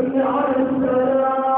السلام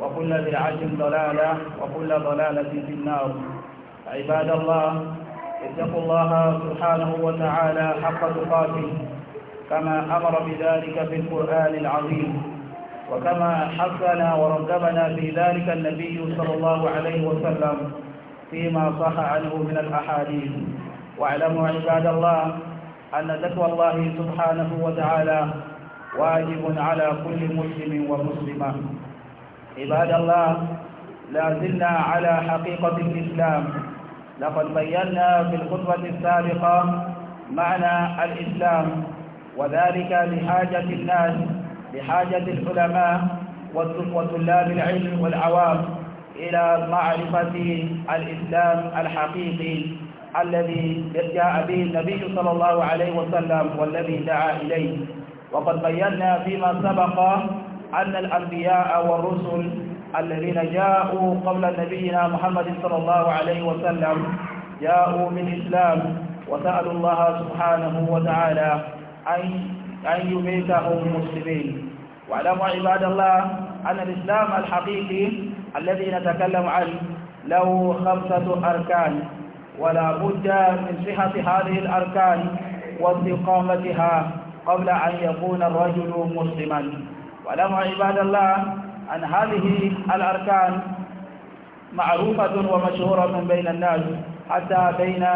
وكل بدعة ضلالة وكل ضلالة في النار عباد الله اتقوا الله سبحانه وتعالى حق تقاته كما أمر بذلك في القرآن العظيم وكما حثنا ورغبنا في ذلك النبي صلى الله عليه وسلم فيما صح عنه من الأحاديث واعلموا عباد الله أن تقوى الله سبحانه وتعالى واجب على كل مسلم ومسلمة عباد الله لا زلنا على حقيقة الإسلام لقد بينا في الخطبة السابقة معنى الإسلام وذلك لحاجة الناس لحاجة العلماء وطلاب العلم والعوام إلى معرفة الإسلام الحقيقي الذي جاء به النبي صلى الله عليه وسلم والذي دعا إليه وقد بينا فيما سبق أن الأنبياء والرسل الذين جاءوا قبل نبينا محمد صلى الله عليه وسلم جاءوا بالإسلام وسألوا الله سبحانه وتعالى أن يميتهم مسلمين واعلموا عباد الله أن الإسلام الحقيقي الذي نتكلم عنه له خمسة أركان ولا بد من صحة هذه الأركان واستقامتها قبل أن يكون الرجل مسلما وعلموا عباد الله أن هذه الأركان معروفة ومشهورة بين الناس حتى بين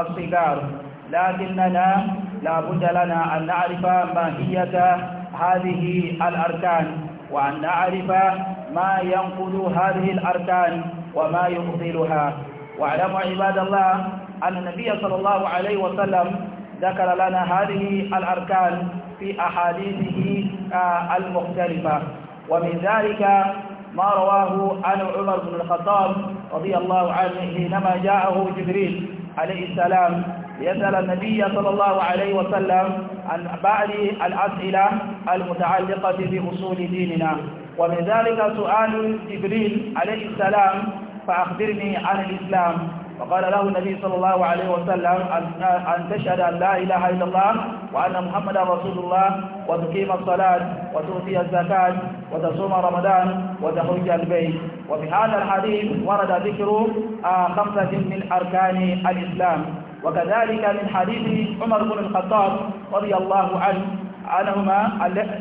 الصغار لكننا لا بد لنا أن نعرف ماهية هذه الأركان وأن نعرف ما ينقل هذه الأركان وما يبطلها واعلموا عباد الله أن النبي صلى الله عليه وسلم ذكر لنا هذه الأركان في أحاديثه آه، المختلفة ومن ذلك ما رواه عن عمر بن الخطاب رضي الله عنه حينما جاءه جبريل عليه السلام يسأل النبي صلى الله عليه وسلم عن بعض الأسئلة المتعلقة بأصول ديننا ومن ذلك سؤال جبريل عليه السلام فأخبرني عن الإسلام فقال له النبي صلى الله عليه وسلم أن تشهد أن لا إله إلا الله وأن محمدا رسول الله وتقيم الصلاة وتؤتي الزكاة وتصوم رمضان وتخرج البيت وفي هذا الحديث ورد ذكر آه، خمسة من أركان الإسلام وكذلك من حديث عمر بن الخطاب رضي الله عنه عنهما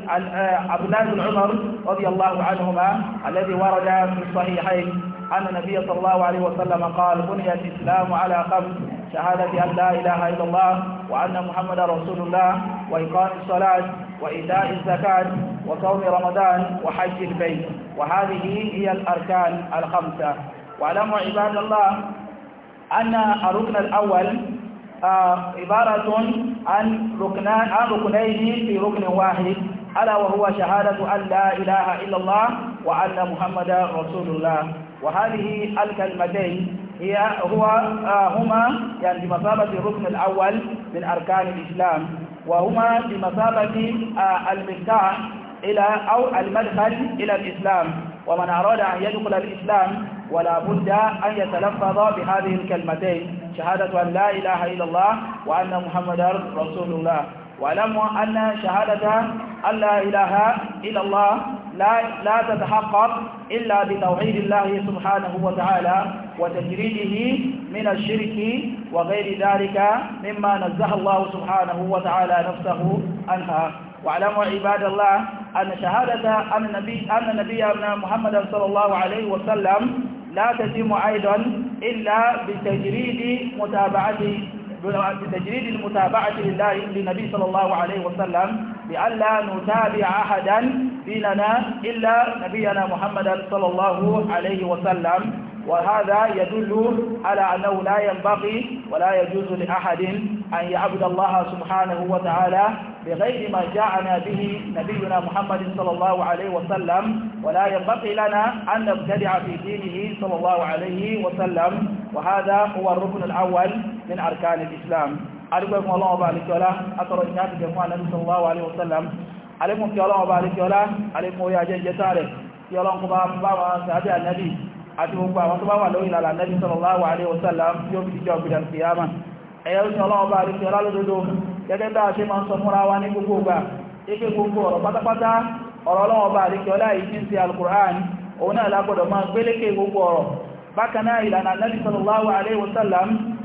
آه، عبد الله بن عمر رضي الله عنهما الذي ورد في الصحيحين أن النبي صلى الله عليه وسلم قال بني الإسلام على خمس شهادة أن لا إله إلا الله وأن محمد رسول الله وإقام الصلاة وإيتاء الزكاة وصوم رمضان وحج البيت وهذه هي الأركان الخمسة واعلموا عباد الله أن الركن الأول آه عبارة عن ركنان عن ركنين في ركن واحد ألا وهو شهادة أن لا إله إلا الله وأن محمد رسول الله وهذه الكلمتين هي هو آه، هما يعني بمثابة الركن الأول من أركان الإسلام وهما بمثابة آه، المفتاح إلى أو المدخل إلى الإسلام ومن أراد أن يدخل الإسلام ولا بد أن يتلفظ بهذه الكلمتين شهادة أن لا إله إلا الله وأن محمدا رسول الله واعلموا أن شهادة أن لا إله إلا الله لا, لا تتحقق إلا بتوحيد الله سبحانه وتعالى وتجريده من الشرك وغير ذلك مما نزه الله سبحانه وتعالى نفسه عنها واعلموا عباد الله أن شهادة أن النبي أن نبينا محمد صلى الله عليه وسلم لا تتم أيضا إلا بتجريد متابعته بتجريد المتابعة لله للنبي صلى الله عليه وسلم لئلا نتابع أحدا ديننا إلا نبينا محمدا صلى الله عليه وسلم وهذا يدل على أنه لا ينبغي ولا يجوز لأحد أن يعبد الله سبحانه وتعالى بغير ما جاءنا به نبينا محمد صلى الله عليه وسلم ولا ينبغي لنا أن نبتدع في دينه صلى الله عليه وسلم وهذا هو الركن الأول من أركان الإسلام أدوكم الله وبارك ولا أترى إنك جمع النبي صلى الله عليه وسلم عليكم يا الله وبارك ولا عليكم يا جنجة تارك يا الله قبام بابا سعدي النبي àti gbogbo àwọn tó bá wà lórí ìlànà Nabi sallallahu alaihi wasallam yóò fi jọ gbìdàn kìyàmà ẹ̀yẹ́ òṣìṣẹ́ ọlọ́ọ̀bá àríkẹ́ ọlálódódó gẹ́gẹ́ bá ṣe máa ń sọ múra wá ní gbogbo ọgbà ike gbogbo ọ̀rọ̀ pátápátá ọ̀rọ̀ ọlọ́ọ̀bá àríkẹ́ ọlá yìí ń ti Al-Qur'an òun náà lágbọ́dọ̀ máa gbélékè gbogbo ọ̀rọ̀ bákan náà ìlànà Nabi sallallahu alaihi wasallam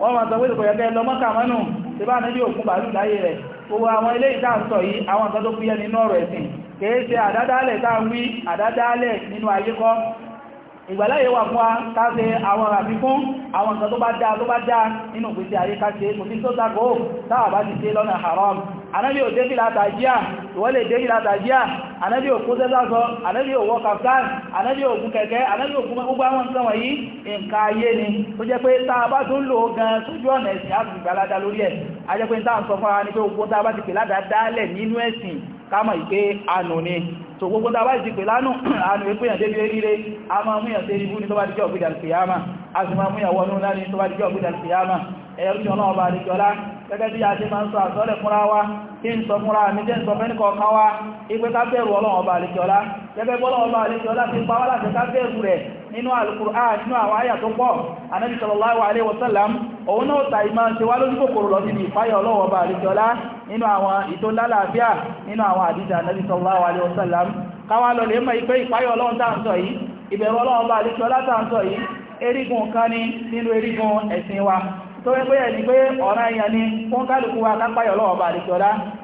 wọ́n máa sọ pé kò yẹ kẹ́ lọ mọ́kà mọ́nù tí bá níbi òkun bàálù láyé rẹ̀ gbogbo àwọn ilé ìta ń sọ yìí àwọn nǹkan tó fúyẹ́ nínú ọ̀rọ̀ ẹ̀sìn kìí ṣe àdádálẹ̀ tá ń wí àdádálẹ̀ nínú ayé ìgbàláyé wà fún wa káṣe àwọn àfikún àwọn nǹkan tó bá dáa tó bá dáa nínú ìgbésí ayé káṣe kò sí tó tako táwà bá ti ṣe lọ́nà haram anábí ò débìlá tàjíà ìwọ́lẹ̀ débìlá tàjíà anábí ò kó sẹ́sàsọ anábí ò wọ anábí ò ni tó jẹ́ pé tá a bá tó ń lò gan sójú ọ̀nà ẹ̀sìn á sì gbàládá lórí ẹ̀ a jẹ́ pé tá à ń sọ fún ara ní pé gbogbo tá a bá kámọ̀ ìpé anù ni tó gbogbo tàbá ìsìnkú lánù anù ìpéyàn débi eríire a máa múyàn sí ibú ní tó bá díjọ́ ògbìdà ìfìyàmà a sì máa múyàn wọnú láni tó bá díjọ́ ògbìdà ìfìyàmà ẹ̀yọ́ tí ọlọ́wọ́ bá díjọ́lá gẹ́gẹ́ bí a ṣe máa ń sọ àsọ́lẹ̀ fúnra wa tí ń sọ fúnra mi jẹ́ ń sọ fẹ́ni kọ̀ọ̀kan wa ipé ká bẹ̀rù ọlọ́wọ́ bá díjọ́lá gẹ́gẹ́ bí ọlọ́wọ́ bá díjọ́lá ti pa wá láti ká bẹ̀rù rẹ̀ nínú al a nínú àwọn àyà tó pọ̀ Ànábì sallallahu alaihi wasallam òun náà tàí máa ń ṣe wá lójú kòkòrò lọ sí ìfáyà ọlọ́wọ́ bá díjọ́lá nínú àwọn ìtò lálàáfíà nínú àwọn àdíjà Ànábì sallallahu alaihi wasallam káwà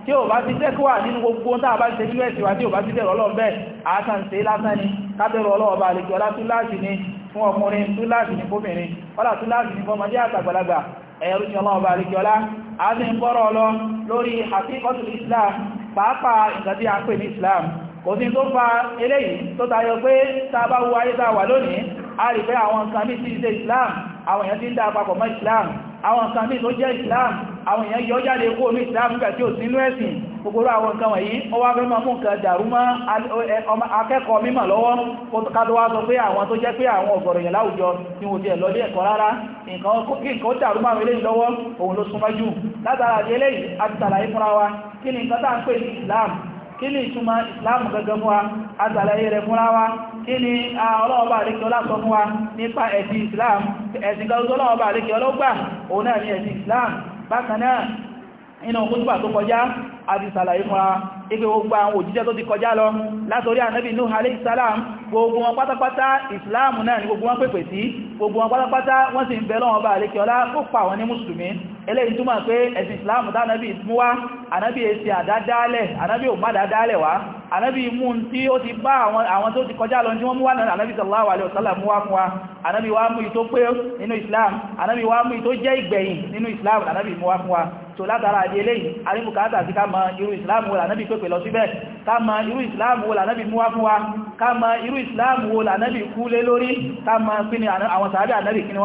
tí ó bá ti tẹ́kọ́wà nínú gbogbo tàà bá ti tẹ́jú ẹ̀sì tí ó bá ti tẹ́rọ ọlọ́ọ̀ bẹ́ẹ̀ lásán ni kábẹ̀rọ ọlọ́wọ́ bá lè jọra túláàsì ni fún ọkùnrin túláàsì ni fóbìnrin ọlá túláàsì ni fọmọdé àtàgbàlagbà ẹ̀rùsìn ọlọ́run bá àríkíọlá a ti ń bọ́rọ̀ islam pàápàá nǹkan tí islam kò sí tó fa eléyìí tó tayọ pé tàbá wo ayé tàwà lónìí a rí pé àwọn nǹkan mí sí ilé islam àwọn èèyàn ti ń dá papọ̀ mọ́ islam àwọn nǹkan mí tó jẹ́ islam àwọn èèyàn yọ jáde kó omi islam nígbà tí ò sínú ẹ̀sìn gbogbo àwọn nǹkan wọ̀nyí ó wá fẹ́ máa mú nǹkan dàrú mọ́ e, akẹ́kọ̀ọ́ mímọ̀ lọ́wọ́ kátó wá sọ pé àwọn tó jẹ́ pé àwọn ọ̀gọ̀rọ̀ yẹn láwùjọ tí wọ́n ti ẹ̀ lọ́lé ẹ̀kọ́ rárá nǹkan dàrú wa kí ni nǹkan tá à ń Islam kí ni ìtumọ̀ wa àtàlàyé rẹ̀ fúnra wa kí ni ọlọ́ọ̀bà Islam ẹ̀sìn kan tó ọlọ́ọ̀bà àríkẹ́ ọlọ́gbà ni Islam bákan inú kútùbà tó kọjá àti sàlàyé fún a ipé gbogbo àwọn òjíṣẹ́ tó ti kọjá lọ látorí ànábì Nuh alayhi salam gbogbo wọn pátápátá ìsìláàmù náà ni gbogbo wọn pèpè sí gbogbo wọn pátápátá wọ́n sì ń bẹ Ọlọ́run Ọba àlékíọlá ó pa ní mùsùlùmí eléyìí túmọ̀ pé ẹ̀sìn islam dánábì mú wá ànábì èsì e àdádálẹ̀ ànábì ò má dádálẹ̀ wá ànábì mú tí ó ti bá àwọn tó ti kọjá lọ tí wọ́n mú wá náà ànábì sallallahu alaihi wasallam mú wá fún wa ànábì mú islam ànábì wá mú ìtó jẹ́ islam ànábì mú wá fún wa so látara àdí eléyìí alíbùkátà sí ká mọ irú ìsìláàmù wo lànábì pépè lọ síbẹ̀ ká mọ irú ìsìláàmù ni àwọn sàábì ànábì kí ni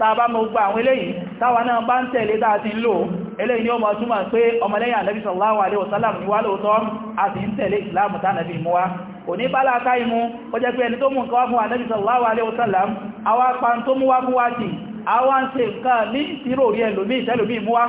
tàbá mọ́ gba àwọn eléyìí táwa náà bá ń tẹ̀lé dáa ti ń lò eléyìí ni ó mọ̀ túnmọ̀ pé ọmọlẹ́yìn ànábì sallallahu alaihi wasallam ni wá lóòótọ́ a sì ń tẹ̀lé ìsìláàmù tánàbí mú wá òní bálá káìmú ó jẹ́ pé ẹni tó mú nǹkan wá fún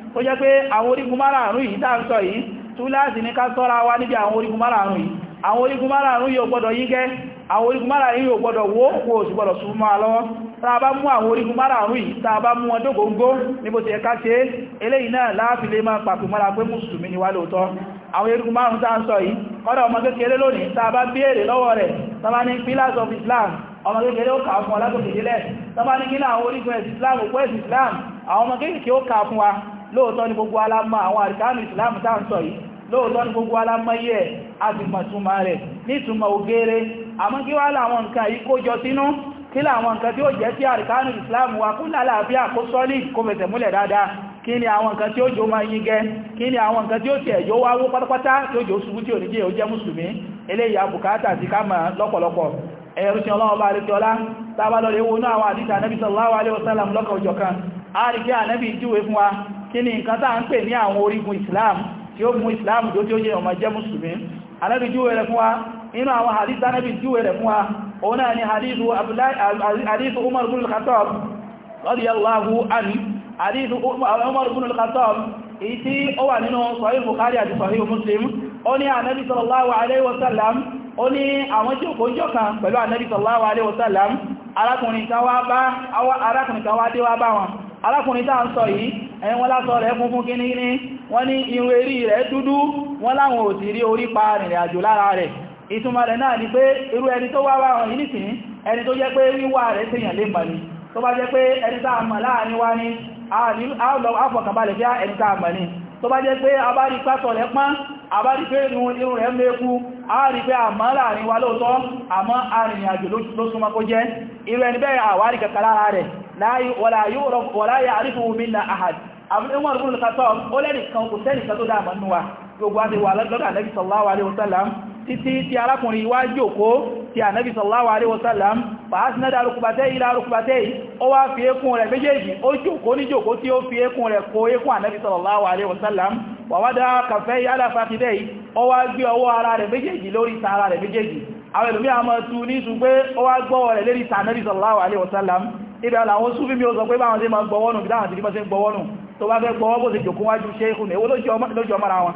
tó jẹ́ pé àwọn orígun márààrún yìí dáa ń sọ yìí túláàsì ní ká ṣọ́ra wa níbi àwọn orígun márààrún yìí àwọn orígun márààrún yìí ò gbọ́dọ̀ yígẹ́ àwọn orígun márààrún yìí ò gbọ́dọ̀ wó kò sì gbọ́dọ̀ súnmọ́ lọ́wọ́ tá bá mú àwọn orígun márààrún yìí tá bá mú wọn dógóngó níbo ti ẹ̀ká ṣe eléyìí náà láàfi lè máa pàpì mọ́ra pé mùsùlùmí ni wá lóòtọ́ àwọn orígun márùn-ún ń sọ yìí kọ́dọ̀ ọmọ kékeré lónìí tá bá béèrè lọ́wọ́ rẹ̀ tá bá ní pillars of Islam ọmọ kékeré ó kà fún ọ látòkèdélẹ̀ tá bá ní kí ní orígun ẹ̀sìn Islam òpó ẹ̀sìn Islam àwọn ọmọ kékeré ó kà fún wa lóòótọ́ ni gbogbo alámọ́ àwọn àríkánù ìsìláàmù tá ń sọ yìí lóòótọ́ ni gbogbo alámọ́ yẹ àtìmọ̀túnmà rẹ̀ nítùmọ̀ ògèrè àmọ́ kí wá láwọn nǹkan yìí kó jọ sínú kí láwọn nǹkan tí ó jẹ́ sí àríkánù ìsìláàmù wa kún lálàáfíà kó sọ́lì kó fẹsẹ̀ múlẹ̀ dáadáa kí ni àwọn nǹkan tí ó jọ máa yín gẹ kí ni àwọn nǹkan tí ó tiẹ̀ yóò wáwó pátápátá tí ó jọ ṣubú tí ò ní jẹ́ ó jẹ́ mùsùlùmí eléyìí àbùkátà àti ká mọ̀ lọ́pọ̀lọpọ̀ ẹ̀rùsìn ọlọ́wọ́ kí ni nǹkan tàà ń pè ní àwọn orígun islam tí ó mú islam tó tí ó jẹ́ ọmọ jẹ́ musulmi anábi júwe rẹ̀ fún wa nínú àwọn hadith anábi júwe rẹ̀ fún wa òun náà ni hadith umar bin al-khattab radiyallahu anhu hadith umar bin al-khattab èyí tí ó wà nínú sahih bukhari àti sahih muslim ó ní anábi sallallahu alaihi wasallam ó ní arákùnrin kan dé wá bá wọn arákùnrin tá ń sọ yìí ẹ̀yìn wọ́n lásọ rẹ̀ funfun kí ní wọ́n ní irun erí rẹ̀ dúdú wọ́n láwọn ò sì rí orí pa rìnrìn àjò lára rẹ̀ ìtumọ̀ rẹ̀ náà ni pé irú ẹni tó wá wáhàn yìí nìsín ẹni tó jẹ́ pé wíwá rẹ̀ sèyàn lè mọ̀ ni tó bá jẹ́ pé ẹni tá mọ̀ láàrin wá ni tó bá jẹ́ pé a bá rí pásọ̀ rẹ̀ pán a bá rí pé irun rẹ̀ mẹ́kú a rí pé àmọ́ láàrin wa lóòtọ́ àmọ́ arìnrìn àjò ló súnmọ́ kó jẹ́ irú ẹni bẹ́ẹ̀ àwárí kẹkàlára rẹ̀ wala ya'rifu Umar ibn al-Khattab ó lẹ́nìkan kò sẹ́nìkan tó dáàmà nínú wa gbogbo a ti alaihi wasallam títí tí arákùnrin wá jókòó tí Ànábì alaihi wasallam fàásínádà arúkúbatẹ́ ilá arúkúbatẹ́ ó wá fi eékún rẹ̀ méjèèjì ó jókòó ní jókòó tí ó fi eékún rẹ̀ kó alaihi wasallam wàwádá kàfẹ́ aláfàkídẹ́ ó wá gbé ọwọ́ ara rẹ̀ méjèèjì lórí tààrà rẹ̀ méjèèjì àwọn ìlúmí àmọ́ tu ní ṣùgbé ó wá gbọ́wọ́ rẹ̀ lérí tààrà Ànábì sallallahu alaihi wasallam ibẹ̀ àwọn súnfí mi ó sọ pé báwọn sí ma gbọ́wọ́nù tó bá fẹ́ gbọ́wọ́ bó ti jòkó wájú ṣe é kú ní owó lójú ọmọ ara wọn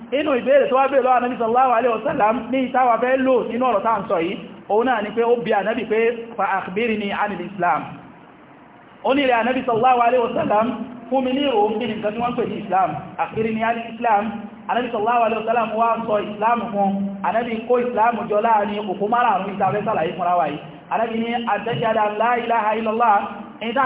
inú ìbéèrè tó wá bèèrè lọ́wọ́ anábi sallallahu alaihi wasallam ní ìtawà fẹ́ lò nínú ọ̀rọ̀ tá ń sọ yìí òun náà ni pé ó bí anábi pé fa akhbiri ni anil islam ó ní ilẹ̀ anábi sallallahu alaihi wasallam fún mi ní òun bí nìkan tí wọ́n pè ní islam akhbiri ni anil islam anábi sallallahu alaihi wasallam wá sọ islam fún anábi kó islam jọ láàrin òkú márààrún ìtawẹ́ sàlàyé fúnra wáyé anábi ní àtẹ́jáda la ilaha illallah ẹni tá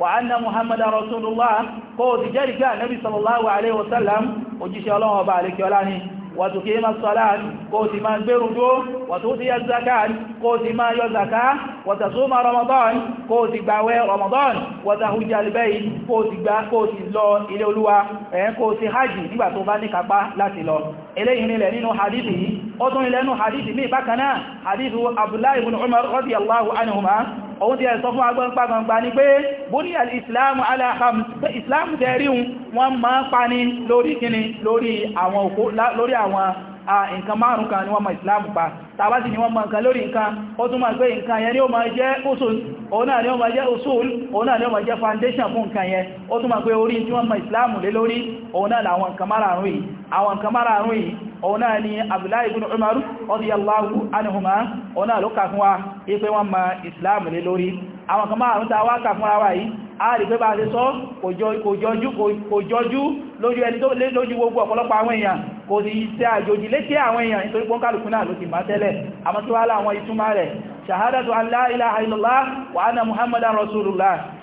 وأن محمد رسول الله قوة ذلك النبي صلى الله عليه وسلم وجيش الله وبارك ولاني وتقيم الصلاة قوت ما برجو وتؤتي الزكاة قوت ما يزكاة وتصوم رمضان قوت باوي رمضان وتهج البيت قوت با قوت لو إلى الوا قوت حج نبا تو باني كبا لا تلو إليه نيلẹ̀ nínú hadithi yìí ó tún ilẹ̀ nínú hadithi mi bákan náà hadithu Abdullah ibn Umar radiyallahu anhuma òun ti ẹ̀sọ fún agbọ́npá gbangba ni pé bóní alìsìláàmù aláhàm pé ìsìláàmù tẹ́ríun wọ́n máa ń pa ní lórí kíni lórí àwọn nǹkan márùn kan ni wọ́n mọ̀ islam pa tàbá sì ni wọ́n mọ̀ nǹkan lórí nǹkan ó tún máa gbé nǹkan yẹn ni ó máa jẹ́ usul òun náà ni ó máa jẹ́ usul òun náà ni ó máa jẹ́ foundation fún nǹkan yẹn ó tún máa gbé orí tí wọ́n mọ̀ islam lé lórí òun náà làwọn nǹkan ni abdullahi ibn umar radiyallahu anhuma òun náà ló kà wa ipé wọ́n mọ̀ islam lé lórí àwọn kan márùn ta wá kà fún ara yìí a rí pé bá ṣe sọ kò jọjú lójú ẹni tó lójú gbogbo ọ̀pọ̀lọpọ̀ àwọn èèyàn kò sí iṣẹ́ àjòjì létí àwọn èèyàn nítorí pọ́n kálùkù náà ló ti máa tẹ́lẹ̀ àmọ́ tí wá láwọn ìtumá rẹ̀ shahadatu an la ilaha illallah muhammadan rasulullah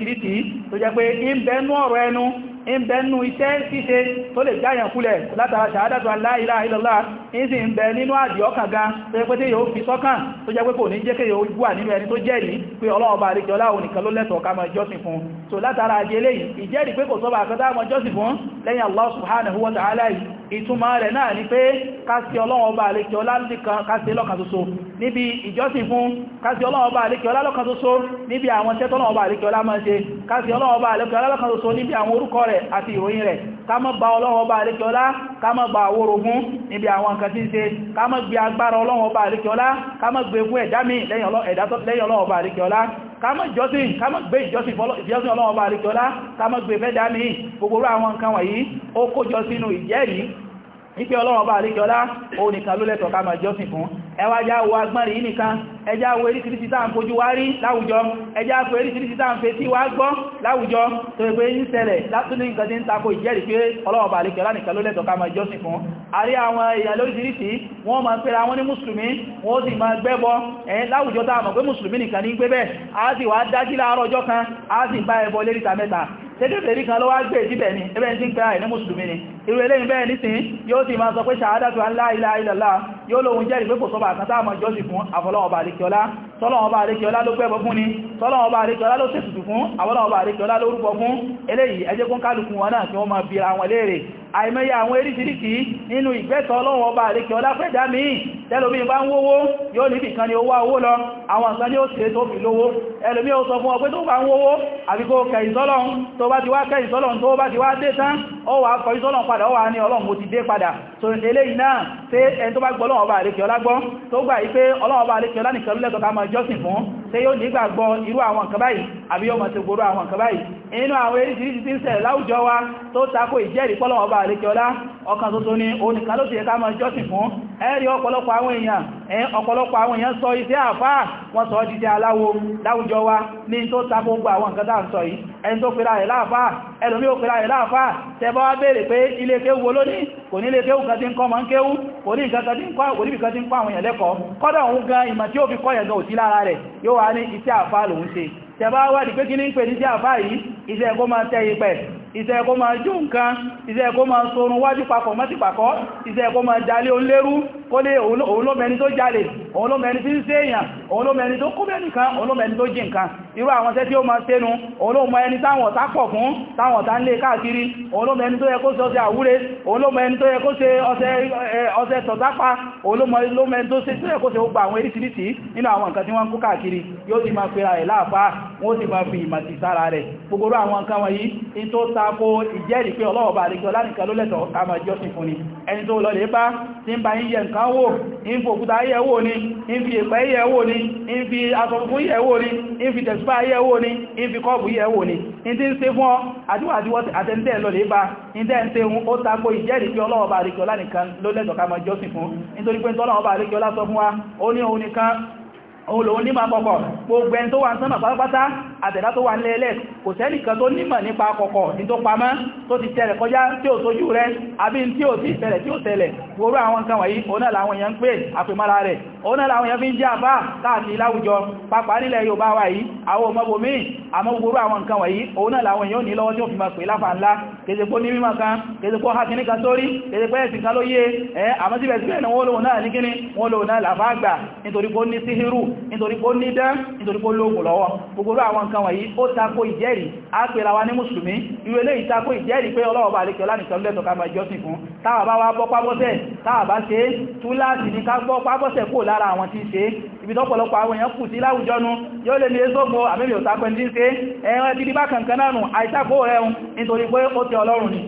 lóríṣìíríṣìí tó jẹ́ pé ìbẹ̀nú ọ̀rọ̀ ẹnu ìbẹ̀nú iṣẹ́ ṣíṣe tó lè jáyàn kúlẹ̀ látara ṣàádàtù la ilaha illallah ìsì ń bẹ nínú àdìọ́kàn ga tó jẹ́ pé tí yóò fi sọ́kàn tó jẹ́ pé kò ní jẹ́ kí yóò wà nínú ẹni tó jẹ́rìí pé ọlọ́ọ̀bà àríkẹ́ ọláwọ̀ nìkan ló lẹ́tọ̀ọ́ ká máa jọ́sìn fún so látara àjẹ́lẹ̀ ìjẹ́rìí pé kò sọ́bà àkọ́dá máa jọ́sìn fún lẹ́yìn Allah subhanahu wa ta'ala ìtumọ̀ rẹ̀ náà ni pé ká sí ọlọ́wọ̀ ọba àríkẹ́ ọlá nìkan ká sí lọ́kàn ṣoṣo níbi ìjọsìn fún kásí ọlọ́ọ̀bá àlékẹ́ ọlálọ́kan ṣoṣo níbi àwọn tẹ́tọ́ ọlọ́ọ̀bá àlékẹ́ ọlá máa ṣe kásí ọlọ́ọ̀bá àlékẹ́ ọlálọ́kan ṣoṣo níbi àwọn orúkọ rẹ̀ àti ìròyìn rẹ̀ ká má ba ọlọ́ọ̀bá àlékẹ́ ọlá ká má ba àwòrògún níbi àwọn nǹkan tí ń ṣe ká má gbé agbára ọlọ́ọ̀bá àlékẹ́ ọlá ká má gbé fún ẹ̀dá kama jọsìn kama gbé ìjọsìn ìjọsìn ọlọ́wọ́ bá kama gbé fẹ́ dámì gbogbo àwọn nǹkan wọ̀nyí ó kó jọ sínú ìjẹ́rìí ní pé ọlọ́wọ́ bá kama jọsìn fún ẹwàjá wo agbọ́nrin yìí nìkan ẹjá wo eríṣìíríṣìí tàà ń fojú wá rí láwùjọ ẹjá wo eríṣìíríṣìí tàà ń fetí wá gbọ́ láwùjọ tó ẹgbẹ́ ń ṣẹlẹ̀ látúnú nǹkan tí ń tako ìjẹ́rìí pé ọlọ́ọ̀bà àlekẹ̀ lánìkan ló lẹ́tọ̀ọ́ ká máa jọ́sìn fún àrí àwọn èèyàn lóríṣìíríṣìí wọ́n máa pera wọn ní mùsùlùmí wọ́n sì máa gbẹ́bọ ẹ̀yìn tẹ́lẹ̀tẹ̀rí kan ló wá gbé ìjíbẹ̀ ni ẹbẹ̀ tí ń káà ní mùsùlùmí ni irú eléyìn bẹ́ẹ̀ nísìn yóò ti máa sọ pé ṣàádàtù aláìlá ìlàlá yóò lóhun jẹ́rìí pé kò sọ́bà àkátà àmọ́ jọ́sì fún àfọlọ́ọ̀bà àríkíọlá tọ́lọ́ọ̀bà àríkíọlá ló pẹ́bọ fún ni tọ́lọ́ọ̀bà àríkíọlá ló ṣètùtù fún àwọlọ́ọ̀bà àríkíọlá ló bi àwọn léèrè àìmẹ́yà àwọn eríṣiríṣi nínú ìgbẹ́tọ̀ ni owó owó lọ àwọn nǹkan ni ó ṣe tó fi lówó ẹlòmí ó sọ fún ọ pé tó bá ń wówó àbíkó kẹ̀yìn sọ́lọ́run tó bá ti wá kẹ́yìn sọ́lọ̀ tó bá ti wá dé tán ó wà kọ̀ ìsọ́lọ̀ padà ó wà ní ọlọ́run mo ti dé padà so eléyìí náà pé ẹni tó bá gbọ́ ọlọ́run ọba àlékẹ́ ọlágbọ́ tó gbà yí pé ọlọ́run ọba àlékẹ́ ọlánìkan lẹ́tọ̀ọ́ ká máa jọ́sìn fún pé yóò nígbàgbọ́ irú àwọn nǹkan àbí yóò máa ti gbòrò àwọn nǹkan ni onìkan ló ti yẹ ká máa jọ́sìn fún ẹ̀rí ọ̀pọ̀lọpọ̀ àwọn èèyàn ẹ̀yìn ọ̀pọ̀lọpọ̀ àwọn èèyàn sọ iṣẹ́ àfáà wọ́n sọ jíjẹ́ aláwo láwùjọ wa ní tó tako gbogbo àwọn nǹkan tá à tẹba wá bèèrè pé ilé kéwú olóní kò ní ilé kéwú kàtí ń kọ́ ma ń kéwú kò ní ìkàtí ń kọ́ àwọn èèyàn lẹ́kọ̀ọ́ kọ́dọ̀ òun gan ìmọ̀ tí ó fi kọ́ yẹ̀gọ́ òsí lára rẹ̀ yóò wá ní iṣẹ́ àfáà lòun ṣe tẹ̀bá wà ní pé kí ní pè ní sí àfá yìí iṣẹ́ ẹ̀kọ́ máa tẹ́ ipẹ̀ iṣẹ́ ẹ̀kọ́ máa jú nǹkan iṣẹ́ ẹ̀kọ́ máa sorun wájú papọ̀ mọ́sí papọ̀ iṣẹ́ ẹ̀kọ́ máa jalé òun lérú kó lé òun ló mẹni tó jalè òun ló mẹni tí ń ṣe èèyàn òun ló mẹni tó kó mẹ́ni kan òun ló mẹni tó jí nǹkan irú àwọn iṣẹ́ tí ó máa ṣẹnu òun ló mọ ẹni táwọn ọ̀tá wọ́n sì máa fi ìmàtí sára rẹ̀ gbogbo àwọn nǹkan wọ̀nyí in tó tako ìjẹ́rìí pé ọlọ́ọ̀bà àríkẹ́ ọlánìkan ló lẹ́tọ̀ọ́ ká máa jọ́sìn fún ni ẹni tó lọ lè bá tí ń ba yíyẹ nǹkan wò ń fòkúta yẹ̀wò ni ń fi èpẹ́ yẹ̀wò ni ń fi asọ̀fún yẹ̀wò ni ń fi tẹ̀sípá yẹ̀wò ni ń fi kọ́ọ̀bù yẹ̀wò ni ń tí ń ṣe fún ọ àdíwàdíwọ́ àtẹ́ntẹ́ lọ òun lòun nípa kọ̀kọ̀ gbogbo ẹni tó wà ń sánmà pátápátá àtẹ̀dá tó wà ń lẹ́ẹ̀lẹ́ kò sẹ́nìkan tó nímọ̀ nípa kọ̀kọ̀ ní tó pamọ́ tó ti tẹ̀lẹ̀ kọjá tí ó tójú rẹ àbí tí ó ti tẹ̀lẹ̀ tí ó tẹ̀lẹ̀ gbogbo àwọn nǹkan wọ̀nyí òun náà làwọn èèyàn ń pè àpèmọ́ra rẹ̀ òun náà làwọn èèyàn fi ń jẹ́ àbá láti láwùjọ pápá nílẹ̀ Yorùbá wa yìí àwọn ọmọbòmí àmọ́ gbogbo àwọn nǹkan wọ̀nyí òun náà làwọn èèyàn ní lọ́wọ́ tí ó fi máa pè láfà ńlá kèsèpó ní mímọ̀ kan kèsèpó hakini kan sórí kèsèpó ẹ̀sìn kan ló yé ẹ̀ àmọ́ síbẹ̀síbẹ̀ ni wọ́n lòun náà ní kíní wọ́n lòun náà làfà àgbà nítorí pé ó ní síhírù nítorí kó ní dán nítorí kó lóògùn lọ́wọ́ gbogbo àwọn nǹkan wọ̀nyí ó takó ìjẹ́rìí a pèra wa ní mùsùlùmí ìwé lè takó ìjẹ́rìí pé ọlọ́wọ́ bá lékẹ́ lánìkan lẹ́tọ̀ ká máa jọ́sìn fún táwa bá wá bọ́ pábọ́sẹ̀ táwa bá ṣe túláàsì ní ká bọ́ pábọ́sẹ̀ kò lára àwọn tí ń ṣe ibi tọ́pọ̀lọpọ̀ àwọn èèyàn kù sí láwùjọ nu yóò lè ní ezógbò àmì mi ò takọ̀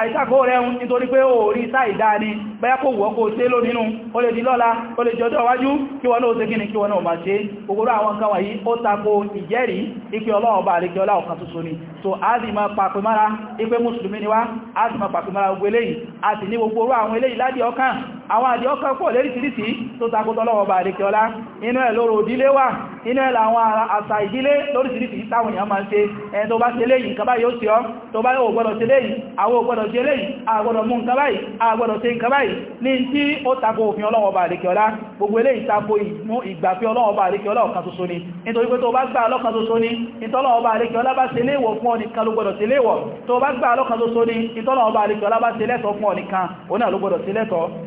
àìsàkó rẹ̀ ń nítorí pé ó rí sáìdá ni bẹ́yà kò wọ́ kó tẹ́lò nínú ó lè di lọ́la ó lè jọjọ́ wájú kí wọ́n náà tẹ́kíní kí wọ́n náà máa ṣe gbogbo àwọn nǹkan wáyí ó tako ìjẹ́rí ipé ọlọ́ọ̀bà àríkẹ ọláọ̀kan tuntun ni so a ti ma pàpẹmára ipé mùsùlùmí ni wá a ti ma pàpẹmára gbogbo eléyìí a ti ní gbogbo orú àwọn eléyìí ládìí ọkàn àwọn àjọ ọkọ̀ pọ̀ léríṣìíríṣìí tó takótọ́ lọ́wọ́ bá àríkẹ́ ọlá inú ẹ̀ lóró òdílé wà inú ẹ̀ làwọn àṣà ìdílé lóríṣìíríṣìí táwọn èèyàn máa ń ṣe ẹni tó bá ṣe léyìí nǹkan báyìí ó sì ọ́ tó bá yóò gbọ́dọ̀ ṣe léyìí àwọn ògbọ́dọ̀ ṣe léyìí àgbọ́dọ̀ mú nǹkan báyìí àgbọ́dọ̀ ṣe nǹkan báyìí ní tí ó tako òfin ọlọ́wọ́ bá àríkẹ́ ọlá ni nítorí pé tó bá gbà lọ́kan ṣoṣo ni ìtọ́lọ́wọ́ bá àríkẹ́ ọlá bá ni ìtọ́lọ́wọ́ bá àríkẹ́ ọlá bá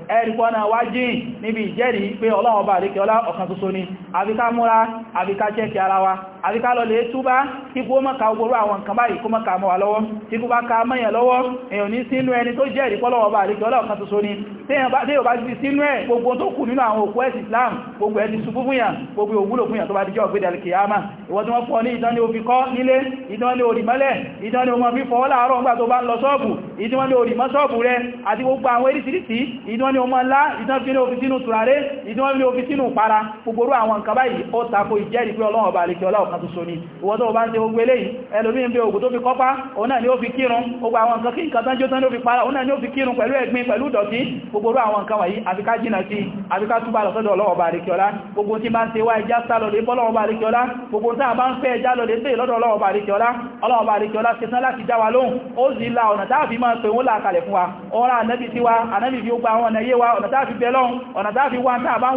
ṣe ẹnìkọ́nà wá jín níbi ìjẹ́rìí pé ọlọ́run ọba àríkẹ́ ọlá ọ̀kan ṣoṣo ni àbíká múra àbíká jẹ́ kí ara wa àbí ká lọ lè túbá kí kó mọ́ ka ogboro àwọn nǹkan báyìí kó mọ́ ka mọ́ wà lọ́wọ́ tí kó bá ka mọ́yàn lọ́wọ́ èyàn ní sínú ẹni tó jẹ́ ìrìpọ́lọ́wọ́ bá àríkẹ́ ọlọ́ọ̀kan tó so ni tí ó bá Islam gbogbo ẹ̀sì ṣubú fúnyà gbogbo òwúlò fúnyà tó bá dijọ́ ọ̀gbẹ́dẹ̀ alìkìyàmá ìwọ̀n tí wọ́n fọ́ ní ìdán ní òfin kọ́ nílé ìdán ní òrìmọ́lẹ̀ ìdán ní ọmọ fífọ́ láàárọ̀ ńgbà tó bá ń lọ sọ́ọ̀bù ìdán ní òrìmọ́ sọ́ọ̀bù rẹ àti gbogbo àwọn eríṣiríṣi ìdán ní ọmọ ńlá ìdán fi ní ọ̀kan tó so ní ìwọ́n tó bá ń ṣe gbogbo eléyìí ẹlòmíín bí ogun tó fi kọ́pá òun ni ó fi kírun gbogbo àwọn nǹkan kí nǹkan tán jó tán ló fi para òun ni ó fi kírun pẹ̀lú ẹ̀gbin pẹ̀lú ìdọ̀tí gbogbo rú àwọn nǹkan wọ̀nyí àfi ká jìnà sí àfi ká túbà lọ́sọ́dọ̀ ọlọ́wọ́ bá àríkíọlá gbogbo tí máa ń ṣe wá ẹjá sá lọ lè bọ́ lọ́wọ́ bá àríkíọlá gbogbo tí a bá ń la ọ̀nà táàfi máa pè wọ́n làkalẹ̀ fún wa ọ̀rọ̀ ànẹ́bì tí wa ànẹ́bì fi ó gba àwọn ọ̀nà yé wa ọ̀nà táàfi bẹ lọ́hùn ọ̀nà táàfi wá táà bá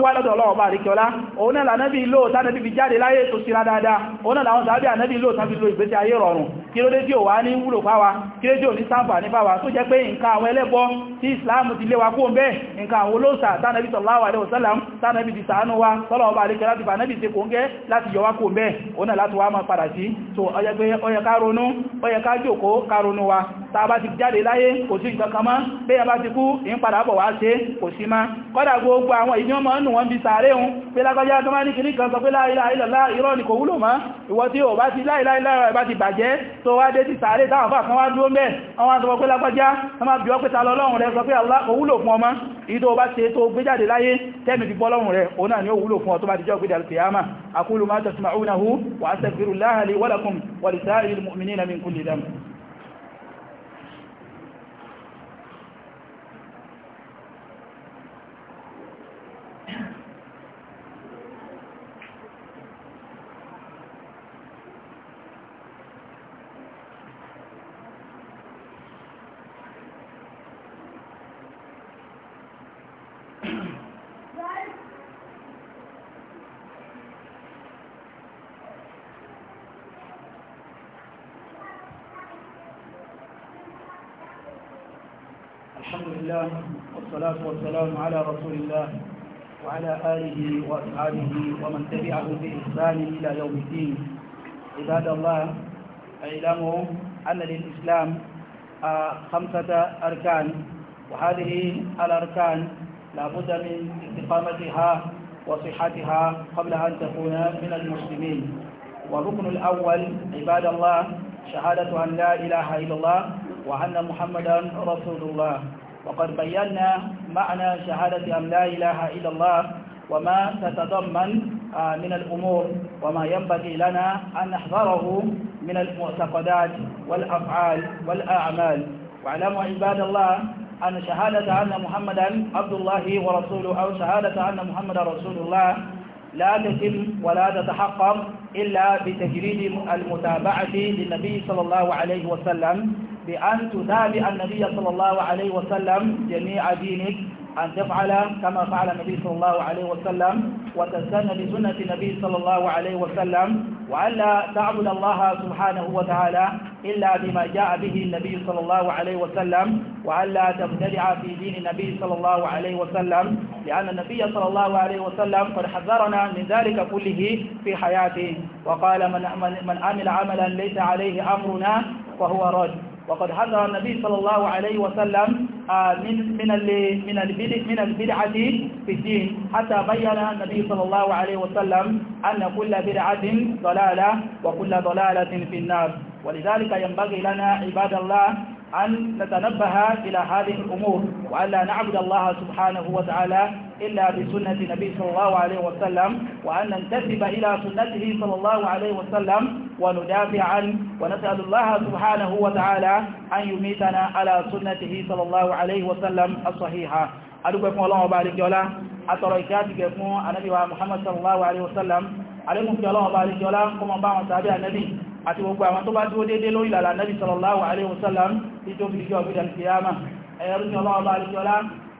ń jáde láyé tó síra dáadáa òun náà àwọn sàábí ànẹ́bí ló tàbí lo ìgbésí ayé rọrùn kí ló dé tí ò wá ní wúlò fáwa kí ló dé ò ní sáǹfà ní fáwa tó jẹ́ pé nǹkan àwọn ẹlẹ́bọ tí Islam ti lé wa kó ń bẹ́ nǹkan àwọn olóòsà tánàbí sallallahu wa tọ́lọ̀ ọba àríkẹ́ láti bà nẹ́bí ti kò ń gẹ́ láti yọ wá kó ń bẹ́ òun náà láti wá máa padà sí so ó yẹ pé ó yẹ ká wa tàbá ti jáde láyé kò sí ìkankan mọ́ bí a bá ti kú ń padà bọ̀ wá ṣe kò sí má kọ́dà gbogbo àwọn ìní ọmọ ọ̀nù wọn bí sàárè hun pé lágbàjá tó má ní kìrí kan sọ pé láìláìlá irọ́ ni kò wúlò mọ́ ìwọ tí ò bá ti láìláìlá rẹ̀ bá ti bàjẹ́ tó wá dé ti sàárè táwọn fà kan wá dúró mẹ́ àwọn àtọwọ́ pé lágbàjá tó má bí والسلام على رسول الله وعلى آله وأصحابه ومن تبعه بإحسان إلى يوم الدين عباد الله اعلموا أن للإسلام آه، خمسة أركان وهذه الأركان لا بد من استقامتها وصحتها قبل أن تكون من المسلمين والركن الأول عباد الله شهادة أن لا إله إلا الله وأن محمدا رسول الله وقد بينا معنى شهادة أن لا إله إلا الله وما تتضمن آه، من الأمور وما ينبغي لنا أن نحذره من المعتقدات والأفعال والأعمال واعلموا عباد الله أن شهادة أن محمدا عبد الله ورسوله أو شهادة أن محمدا رسول الله لا تتم ولا تتحقق إلا بتجريد المتابعة للنبي صلى الله عليه وسلم بأن تتابع النبي صلى الله عليه وسلم جميع دينك أن تفعل كما فعل النبي صلى الله عليه وسلم وتستنى بسنة النبي صلى الله عليه وسلم وألا تعبد الله سبحانه وتعالى إلا بما جاء به النبي صلى الله عليه وسلم وألا تبتدع في دين النبي صلى الله عليه وسلم لأن النبي صلى الله عليه وسلم قد حذرنا من ذلك كله في حياته وقال من عمل عملا ليس عليه أمرنا فهو رد وقد حذر النبي صلى الله عليه وسلم آه، من من من البدع من البدعة في الدين حتى بين النبي صلى الله عليه وسلم أن كل بدعة ضلالة وكل ضلالة في النار ولذلك ينبغي لنا عباد الله أن نتنبه إلى هذه الأمور وأن لا نعبد الله سبحانه وتعالى إلا بسنة نبي صلى الله عليه وسلم وأن ننتسب إلى سنته صلى الله عليه وسلم وندافع عن ونسأل الله سبحانه وتعالى أن يميتنا على سنته صلى الله عليه وسلم الصحيحة أدوكم الله وبارك ولا أتركاتك كفو النبي محمد صلى الله عليه وسلم عليكم الله وبارك ولا كما بعض تابع النبي àti gbogbo àwọn tó bá dúró déédéé lórí ìlànà nabi sallallahu alaihi wasallam tí tó fi jọ bídà kìyàmà ẹ̀yẹrú ni ọlọ́wọ́ bá rí jọlá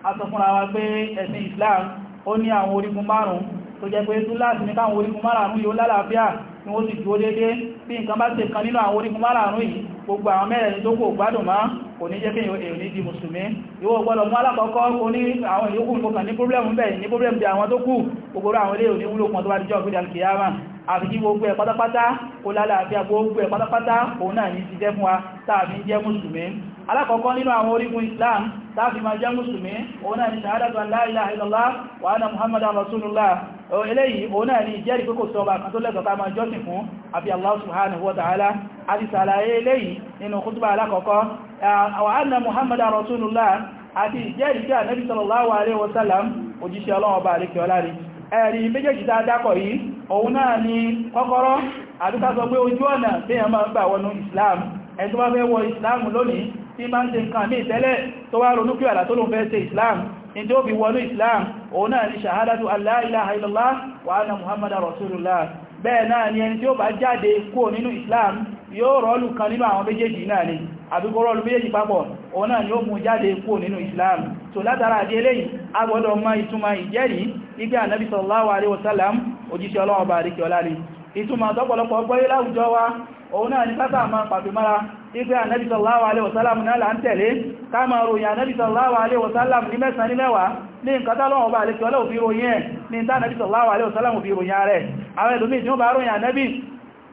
a sọ fúnra wa pé ẹ̀sìn islam ó ní àwọn orígun márùn-ún tó jẹ́ pé tún láti ní káwọn orígun márààrún yóò lálàáfíà ni ó sì dúó dédé bí nǹkan bá ṣe kan nínú àwọn orígun márààrún yìí gbogbo àwọn mẹ́rẹ̀ẹ́ni tó kò gbádùn má kò ní jẹ́ kéyàn èrò ní di mùsùlùmí ìwọ gbọ́dọ̀ mú alákọ̀ọ́kọ́ kò ní àwọn ìyókù nǹkan ní pọ́blẹ́mù bẹ́ẹ̀ ní pọ́blẹ́mù bí àwọn tó kù gbogbo àwọn ilé òní wúlò kan tó bá dijọ́ ìgbéjà kìyàmà àbíjí gbogbo ẹ̀ pátápátá kó lálàáfíà gbogbo ẹ̀ pátápátá òun wa tàbí nínú àwọn orígun Islam tàbí ma jẹ́ mùsùlùmí òun náà ní shahadatu an la ilaha illallah wa anna muhammadan rasulullah eléyìí òun náà ni ìjẹ́rìí pé kò sí ọba kan tó lẹ́tọ̀ọ́ ká máa jọ́sìn fún àfi Allah subhanahu wa ta'ala a ti sàlàyé eléyìí nínú kútùbà alákọ̀ọ́kọ́ àwọn anna Muhammad rasulullah àti ìjẹ́rìí pé ànábì sallallahu alaihi wasallam òjíṣẹ́ ọlọ́wọ́ bá àríkẹ́ ọlárí ẹ̀rí méjèèjì tá a dákọ̀ yìí òun náà ni kọ́kọ́rọ́ àdúkà sọ pé ojú ọ̀nà tí èèyàn tí bá ń ṣe nǹkan mí tẹ́lẹ̀ tó wá ronú kí àlà tó lóun fẹ́ ṣe islam ní tí ó fi wọnú islam òun náà ni ṣàhádátù alla ilaha illallah wa anna muhammadan rasulullah bẹ́ẹ̀ náà ni ẹni tí ó bá jáde kúrò nínú islam yóò rọ́lù kan nínú àwọn méjèèjì náà ni àbíkọ́ rọ́lù méjèèjì papọ̀ òun náà ni ó mú jáde kúrò nínú islam tó látara àdí eléyìí a gbọ́dọ̀ mọ̀ ìtumọ̀ ibi ànábì sallallahu alaihi wasallam òjíṣẹ́ ọlọ́run bá àríkẹ́ ọlá ni ìtumọ̀ tọ́pọ̀lọpọ̀ gbọ́yé láwùjọ wa òun náà ni pátá máa pàtó mára ipe ànábì sallallahu alaihi wasallam náà là ń tẹ̀lé ká máa ròyìn ànábì sallallahu alaihi wasallam ní mẹ́sàn ní mẹ́wàá ní nǹkan tọ́lọ́wọ́ bá àlẹ́kì ọlọ́wọ́ fi ròyìn ẹ̀ ní ìta ànábì sallallahu alaihi wasallam fi ròyìn rẹ̀ àwọn ẹlòmíì tí wọ́n bá ròyìn ànábì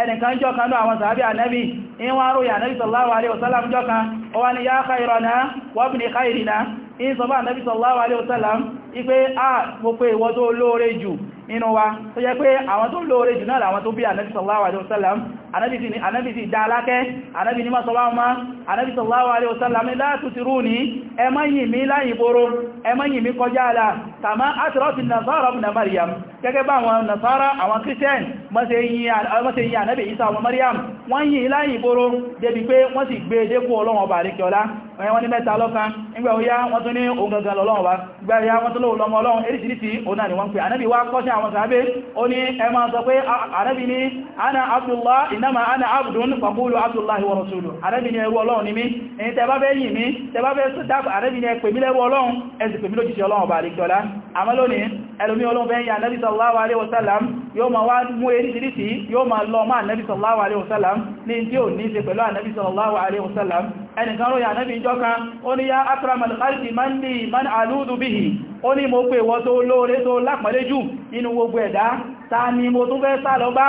ẹnìkan jọ kan lọ àwọn sàábí ànẹ́bí in wọ́n rú yà nẹ́bí sallallahu alaihi wasallam jọ kan ó wá ní yá khairana wa ibn khairina in sọ bá nẹ́bí sallallahu alaihi wasallam nínú wa tó jẹ́ pé àwọn tó lóore jù náà àwọn tó bí ànábì sallallahu alaihi wasallam ànábì ti dá alákẹ́ ànábì ní mọ́sọ̀lá ọmọ ànábì sallallahu alaihi wasallam la tutiruni ẹ má yìn mí láyìnboro ẹ má yìn mí kọjá àlà kama atrat an-nasara ibn Maryam gẹ́gẹ́ bá àwọn Maryam wọ́n yìn láyìnboro débi pé wọ́n sì gbé e dépò ọlọ́run ọba àríkẹ́ọlá ẹ̀yẹn wọ́n ní mẹ́ta lọ́kan nígbà ó yá wọ́n tún ní òun gangan lọ́lọ́run wa gbẹ̀rẹ̀ yá wọ́n tún lóòlọ́mọ ọlọ́run eréṣìíríṣìí òun náà ni wọ́n ń pè ànábì wá kọ́ṣà àwọn sàábé ó ní ẹ máa sọ pé ànábì ní ana abdullah inama ana abdun faqulu abdullahi wa rasulu ànábì ní ẹrú ọlọ́run ni mí ẹni tẹ bá fẹ́ yìn mí tẹ bá fẹ́ dákù ànábì ní ẹ pè mí lẹ́rú ọlọ́run ẹ sì pè mí lójíṣẹ́ ọlọ́run bá àríkọ́lá àmọ́ lónìí ẹnìkan ròyìn ànábì ìjọ́ka ó ní yá akramal khalqi man li man aludu bihi ó ní mo pè wọ́n tó lóore tó lápàlẹ́jù nínú gbogbo ẹ̀dá ta ni mo tún fẹ́ sá lọ bá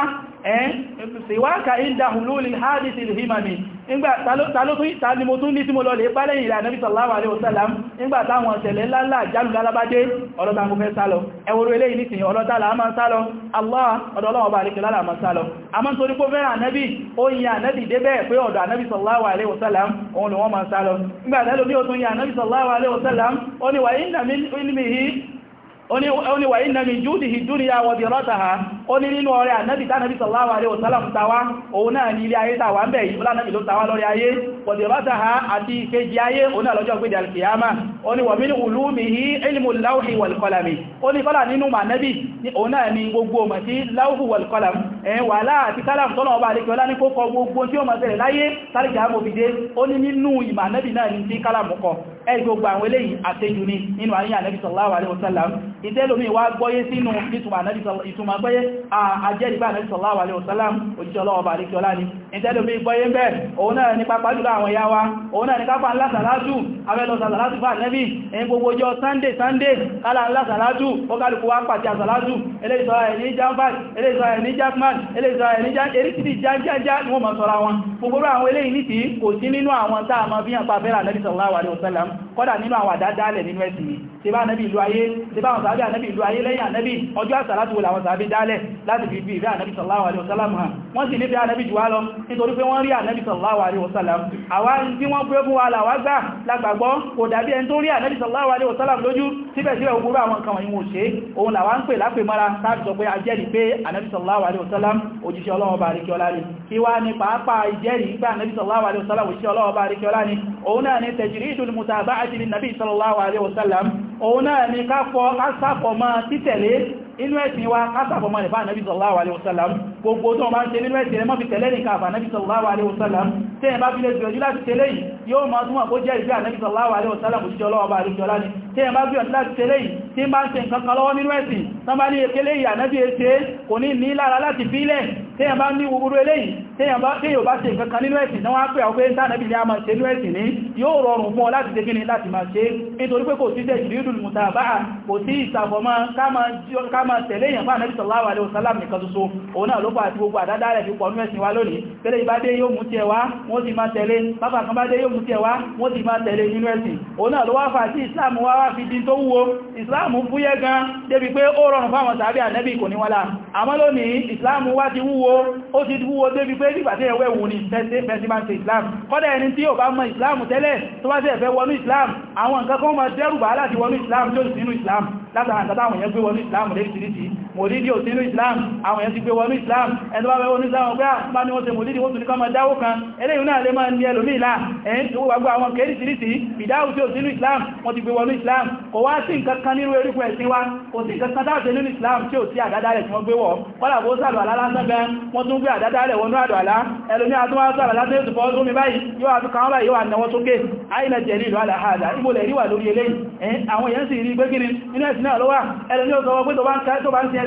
ṣìwáka eh? ìdáhùn lórí hadith ilhimami nígbà tàlótún ní tí mo lọ lè bá lẹ́yìn ìlànà bí sallallahu alaihi wasallam nígbà táwọn ṣẹlẹ̀ ńláńlá jálù lálábádé ọlọ́ta ń fẹ́ sálọ ẹwọ́rọ̀ ilé ìnísìn ọlọ́ta láàmà sálọ allah ọdọ́lọ́wọ́ bá rikẹ̀ láàmà sálọ a mọ́ torí pé fẹ́ràn anẹ́bì ó yin anẹ́bì débẹ̀ pé ọ̀dọ̀ anẹ́bì sallallahu alaihi wasallam òun lòun ma sálọ nígbà tẹ́lómi ó tún yin anẹ́bì sallallahu alaihi wasallam ó ní wà ní ìlànà ó ní wà iná mi júdì ìdúnìyà wọ̀dì rọ́tàá ó ní nínú ọrẹ ànábì tánàbí sallallahu alaihi wasallam tàwá òun náà ní ilé ayé tàwà ń bẹ̀ yìí lánàbì ló tàwá lórí ayé wọ̀dì rọ́tàá àti ìkejì ayé òun náà lọ́jọ́ gbé dàlkìyàmá ó ní wọ̀mí ulúmi hí ilmù láwùhì wàlkọlàmì ó ní kọ́là nínú mànábì ní òun náà ní gbogbo mà sí láwùhù wàlkọlàm ẹ̀yìn wà láàti kálàm tọ́nà ọba àdékẹ́ ọlá ní kó kọ gbogbo tí ó mọ̀ sẹ̀rẹ̀ láyé sáré kìí àmòfìdé ó ní nínú ìmànábì náà ní sí kálàmù kọ ẹ̀rí gbogbo àwọn eléyìí àtẹ́jù ní nínú àríyàn Ànábì sallallahu alaihi wasallam ìtẹ́lómi wá gbọ́yé sínú ìtumà gbọ́yé àjẹ́rìbá Ànábì sallallahu alaihi wasallam òjíṣẹ́ ọlọ́wọ́ bá àríkẹ́ ọlá ni ìtẹ́lómi gbọ́yé ń bẹ́ òun náà ní pápá jùlọ àwọn ìyá wa òun náà ní kápá ńlá sàlátù abẹ́lọ sàlátù fà nẹ́bí ẹ̀yìn gbogbo ọjọ́ sunday sunday kálá ńlá sàlátù ó kálùkù wá pàtí àsàlátù eléyìí sọ́ra ẹ̀ ní jambat eléyìí sọ́ra ẹ̀ ní jackman eléyìí sọ́ra ẹ̀ ní eréṣìdì jájájá ni wọ́n mọ̀ sọ́ra wọn gbogbo àwọn eléyìí nítìí kò sí nínú àwọn kọ́dà nínú àwọn àdádálẹ̀ nínú ẹ̀sìn ni tí bá ànábì ìlú ayé tí bá àwọn sàábí ànábì ìlú ayé lẹ́yìn ànábì ọjọ́ àsàlátù wò làwọn sàábí dálẹ̀ láti fi bí ìfẹ́ ànábì sallallahu alaihi wasallam hàn wọ́n sì nífẹ́ ànábì jù wá lọ nítorí pé wọ́n rí ànábì sallallahu alaihi wasallam àwa tí wọ́n pé fún wa làwa gbà lágbàgbọ́ kò dàbí ẹni tó rí ànábì sallallahu alaihi wasallam lójú síbẹ̀síbẹ̀ ògbúrú àwọn nǹkan wọ̀nyí wò ṣe òun làwa ń pè lápè mọ́ra láti sọ pé a jẹ́rìí pé ànábì sallallahu alaihi wasallam òjíṣẹ́ mutaba'ati nabi sallallahu alaihi wasallam òun náà ni káfọ́ máa títẹ̀lé inú ẹ̀sìn wa káfọ́ máa nípa nabi sallallahu alaihi wasallam gbogbo tó máa ń ṣe nínú ẹ̀sìn ẹmọ́ fi tẹ̀lé ní káfà nabi sallallahu alaihi wasallam tẹ́ ẹ bá fi lè gbìyànjú láti tẹ̀lé yìí yóò máa túnmọ̀ kó jẹ́ ìgbé ànábì sallallahu alaihi wasallam òṣìṣẹ́ ọlọ́wọ́ bá àríṣẹ́ ọlá ni tẹ́ ẹ bá gbìyànjú láti tẹ̀lé yìí téèyàn bá ní gbogbo eléyìí téèyàn bá ṣe nǹkan kan nínú ẹ̀sìn náà wá pé àwọn pé ń tánàbí ní a máa ṣe nínú ẹ̀sìn ní yóò rọrùn fún ọ láti ṣe gíní láti máa ṣe nítorí pé kò sí tẹ̀sìrìdùn mùtàbá kò sí wa lónìí tẹ́lẹ̀ ìbá dé yóò mú tiẹ̀ wá wọ́n ti máa tẹ̀lé bàbá kan bá dé yóò mú tiẹ̀ wá wọ́n ti máa tẹ̀lé nínú ẹ̀sìn òun náà ló wá fà la àmọ́ lónìí islam wúwo ó ti wúwo débi pé nígbàtí ẹwẹ́ wù ní pẹ̀sìmáṣe islam kọ́dẹ̀ ẹni tí ó bá mọ islam tẹ́lẹ̀ tó bá tẹ́ẹ̀fẹ́ wọnú islam àwọn nǹkan kan máa dẹ́rù bá láti wọnú islam tó sì nínú islam látàrí àtàtàwọn èèyàn gbé wọnú islam lẹ́sìrìsì mòlídí ò sínú islam àwọn èèyàn ti gbé wọnú islam ẹ̀dọ́ bá wọnú islam ọgbẹ́ ah, àpá ní wọ́n ṣe mòlídí wọ́n tún ní kọ́ máa dáwó kan eléyìn náà lè máa ní ẹlòmí ìlà ẹ̀yìn tó gbogbo àwọn kèrí sírísì tí ò sínú islam wọ́n ti gbé wọnú islam kò wá sí nǹkan kan nínú erékùn ẹ̀sìn wa kò sí nǹkan islam tí ò sí àdádá rẹ̀ tí wọ́n gbé wọ̀ kọ́là bó sàlọ̀ àlá lásán bẹ́ wọ́n tún gbé àdádá rẹ̀ wọnú àdọ̀ àlá ẹlòmí àtún wá sàlọ̀ lásán ètò fọ́ọ́sùn mi báyìí yóò àtún kan báyìí wà náwọ́ sókè àìlẹ̀ jẹ̀rí ìlú àlàáhàdà ìbò lẹ̀ rí wà lórí eléyìí àwọn èèyàn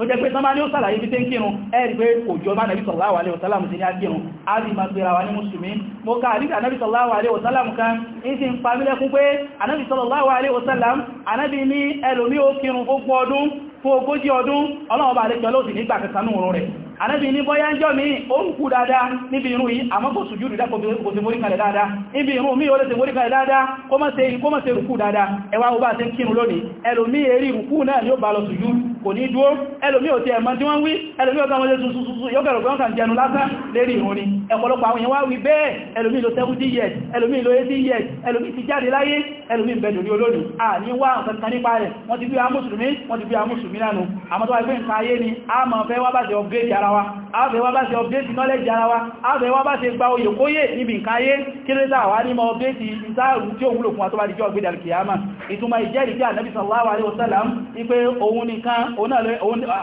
tó jẹ́ pé tán bá ní ó sàlàyé bí tẹ́ ń kírun ẹ̀rì pé kò jọ bá nàbí sallallahu alaihi wasallam ti ní àkírun a rí ma pèrà wa ní mùsùlùmí mo ká àríkà nàbí sallallahu alaihi wasallam kan in ti ń pamílẹ́kún pé anábì sallallahu alaihi anábì ní ẹlòmí ó kírun ó ọdún fún ogójì ọdún ọlọ́ọ̀bà àríkẹ́ ló sì nígbà kẹsànú òun rẹ̀ anábi ní bọ́yá ń jọ mi ó ń kú dáadáa níbi irun yìí àmọ́ kò sùjú ìdá kò sí móríkalẹ̀ dáadáa níbi irun mi ó lè sí móríkalẹ̀ dáadáa kó mọ́ sí kó mọ́ sí rùkú dáadáa ẹwà ó bá ti lónìí ẹlòmí èrí rùkú náà ni ó bá lọ sùjú kò ní dúó ẹlòmí ò ti ẹ̀mọ́ tí wọ́n wí ẹlòmí ọ̀gá wọn lè tuntun yóò ni ẹ̀pọ̀lọpọ̀ àwọn èèyàn wá wí bẹ́ẹ̀ ẹlòmí ló 70 years ẹlòmí ló 80 years ẹlòmí ti jáde láyé ẹlòmí bẹ̀dùn ní olóòrùn à ní wá nǹkan kan mùsùlùmí nánú àmọ́tọ́ ẹgbẹ́ nǹkan ayé ni a máa fẹ́ wá bá ṣe upgrade ara wa a fẹ́ wá bá ṣe upgrade knowledge ara wa a fẹ́ wá bá ṣe gba oyè kóyè níbi nǹkan ayé kí ló dáa wá ní ma upgrade ìsáàrù tí ó wúlò fún àtọ́bá díjọ́ ọgbẹ́dà alkiyama ìtumọ̀ ìjẹ́rìí tí ànábì sallallahu alaihi wasallam ní pé òun nìkan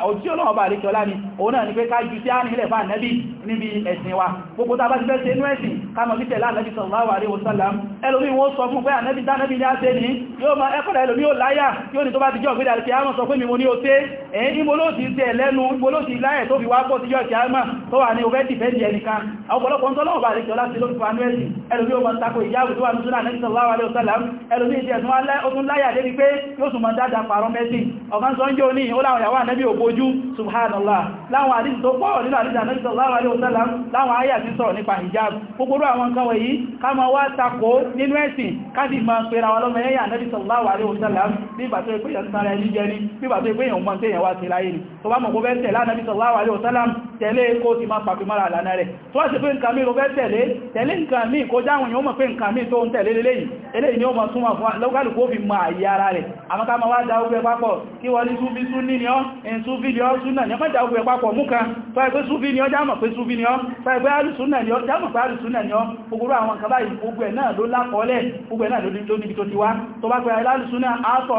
òtí ọlọ́wọ́ bá àríkẹ́ ọlá ni òun náà ni pé ká ju sí àárín ilẹ̀ fún ànábì níbi ẹ̀sìn wa gbogbo tá a bá ti fẹ́ ṣe inú ẹ̀sìn ká mọ̀ títẹ̀ láàrín sallallahu alaihi wasallam ẹlòmí wọn sọ fún pé ànábì dánẹ́bì ní á ṣe ní yóò máa ẹkọ́dà ẹlòmí ò láyà yóò ní tó bá ti jọ ọgbẹ́dà alkiyama sọ pé mi mo ní ó tẹ́ ẹ̀yìn ìbòlóòtí tẹ́ lẹ́nu ìbòlóòtí láyẹ̀ tó fi wá pọ̀ sí yọ́ ìkìámà tó wà ní ovẹ́ dìfẹ́ndì ẹnìkan ọ̀pọ̀lọpọ̀ tọ́lọ́wọ̀bà lè kìọ́lá sí lórí fanúẹ́sì ẹlòmí o ma tako ìyáwó tó wà ní súnà nẹ́sì sallallahu alaihi wasallam ẹlòmí ìdí ẹ̀sùn ọdún láyà débi pé yóò sùn mọ̀ dáadáa pààrọ mẹ́sì ọ̀kan sọ ń jẹ́ òní ó láwọn ìyàwó ànẹ́bí ògbójú subhanallah láwọn àdíjì tó pọ̀ nínú àdíjì ànẹ́bí sallallahu alaihi wasallam láwọn ayà ti sọ̀rọ̀ nípa hijab gbogbo àwọn nǹkan wọ̀nyí ká ma wá tako nínú ẹ̀sìn ká sì máa pera wa lọ́mọ ẹ̀yà ànẹ́bí sallallahu alaihi wasallam bí ìgbà tó ẹgbẹ́ ìyàtọ̀ ara ẹni jẹ ní bí ìgbà tó ẹgbẹ́ kéèyàn mọ́ kéèyàn wá sí láyé ni tó bá mọ̀ kó bẹ́ẹ̀ tẹ̀lá nàbí sallallahu alaihi wasallam tẹ̀lé kó ti máa pàpí mara àlànà rẹ̀ tó wá sí pé nǹkan mí ló fẹ́ tẹ̀lé tẹ̀lé nǹkan mí kó jáwọn yóò mọ̀ pé nǹkan mí tó ń tẹ̀lé lélẹ́yìn ni ó mọ̀ ma wá dáúgbẹ́ papọ̀ kí wọ́n ní súfí súnní ni ọ́ in súfí ni ọ́ súnà ní ọmọ dáúgbẹ́ papọ̀ mú kan tó ẹgbẹ́ súfí ni ọ́ jámọ̀ pé súfí ni ọ́ tó ẹgbẹ́ alùsúnà ni ọ́ jámọ̀ pé alùsúnà ni ọ́ gbogbo àwọn nǹkan báyìí gbogbo ẹ̀ náà ló lápọ̀ọ́lẹ̀ gbogbo ẹ̀ náà ló níbi tó ti wá tó bá pẹ́ alùsúnà àátọ̀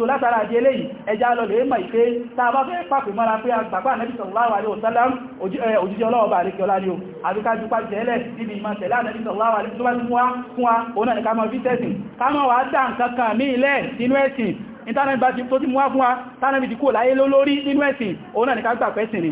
ọ̀pá látara àti eléyìí ẹja lọ lè mọ̀ ìpé tàà bá fẹ́ pàpè mọ́ra pé àgbàgbà Ànábì sallallahu alaihi wasallam eh, òjíjẹ́ ọlọ́ọ̀bà àríkẹ́ọlá ni ó àríkájúpá jẹ́lẹ̀ níbi ìmọ̀ tẹ̀lá Ànábì sallallahu alaihi wasallam fún wa òun náà ni ká mọ̀ bí tẹ́sìn ká ni ká gbà pẹ́sìn ni